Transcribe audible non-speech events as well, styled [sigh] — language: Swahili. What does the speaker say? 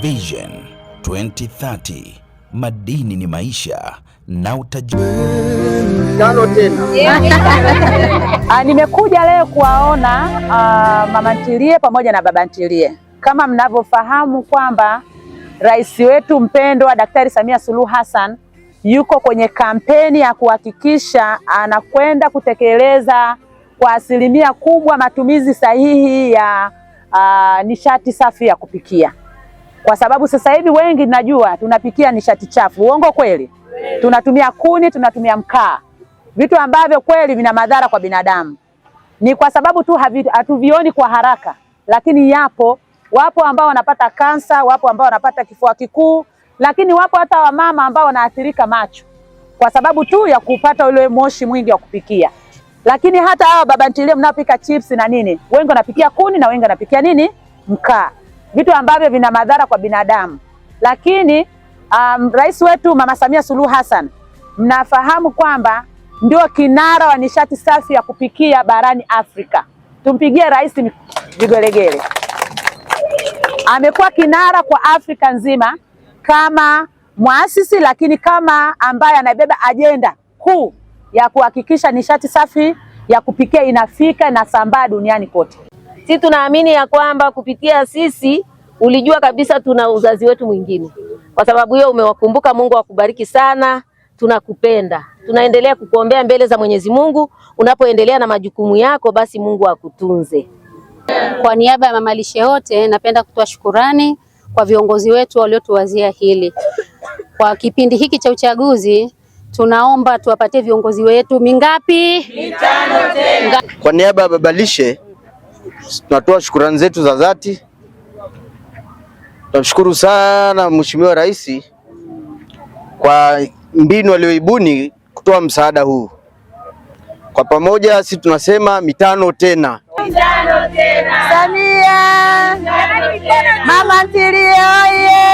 Vision 2030 madini ni maisha na utajiri. tena [laughs] ah, nimekuja leo kuwaona uh, mama ntilie pamoja na baba ntilie. Kama mnavyofahamu kwamba rais wetu mpendwa Daktari Samia Suluhu Hassan yuko kwenye kampeni ya kuhakikisha anakwenda kutekeleza kwa asilimia kubwa matumizi sahihi ya uh, nishati safi ya kupikia kwa sababu sasa hivi wengi najua tunapikia nishati chafu. Uongo kweli? Tunatumia kuni, tunatumia mkaa, vitu ambavyo kweli vina madhara kwa binadamu. Ni kwa sababu tu hatuvioni kwa haraka, lakini yapo. Wapo ambao wanapata kansa, wapo ambao wanapata kifua kikuu, lakini wapo hata wamama ambao wanaathirika macho kwa sababu tu ya kupata ule moshi mwingi wa kupikia. Lakini hata hawa baba ntilie mnapika chips na nini, wengi wanapikia kuni na wengi wanapikia nini, mkaa vitu ambavyo vina madhara kwa binadamu. Lakini um, rais wetu Mama Samia Suluhu Hassan mnafahamu kwamba ndio kinara wa nishati safi ya kupikia barani Afrika. Tumpigie rais vigelegele. Amekuwa kinara kwa Afrika nzima kama mwasisi, lakini kama ambaye anabeba ajenda kuu ya kuhakikisha nishati safi ya kupikia inafika na sambaa duniani kote. Sisi tunaamini ya kwamba kupitia sisi ulijua kabisa tuna uzazi wetu mwingine. Kwa sababu hiyo umewakumbuka, Mungu akubariki sana, tunakupenda, tunaendelea kukuombea mbele za Mwenyezi Mungu. Unapoendelea na majukumu yako, basi Mungu akutunze. Kwa niaba ya mama lishe wote, napenda kutoa shukurani kwa viongozi wetu waliotuwazia hili kwa kipindi hiki cha uchaguzi. Tunaomba tuwapatie viongozi wetu mingapi? Mitano tena. Kwa niaba ya baba lishe tunatoa shukurani zetu za dhati. Tunamshukuru sana Mheshimiwa Rais kwa mbinu aliyoibuni kutoa msaada huu. Kwa pamoja si tunasema mitano tena, mitano tena. Samia, Mama Ntilie oye!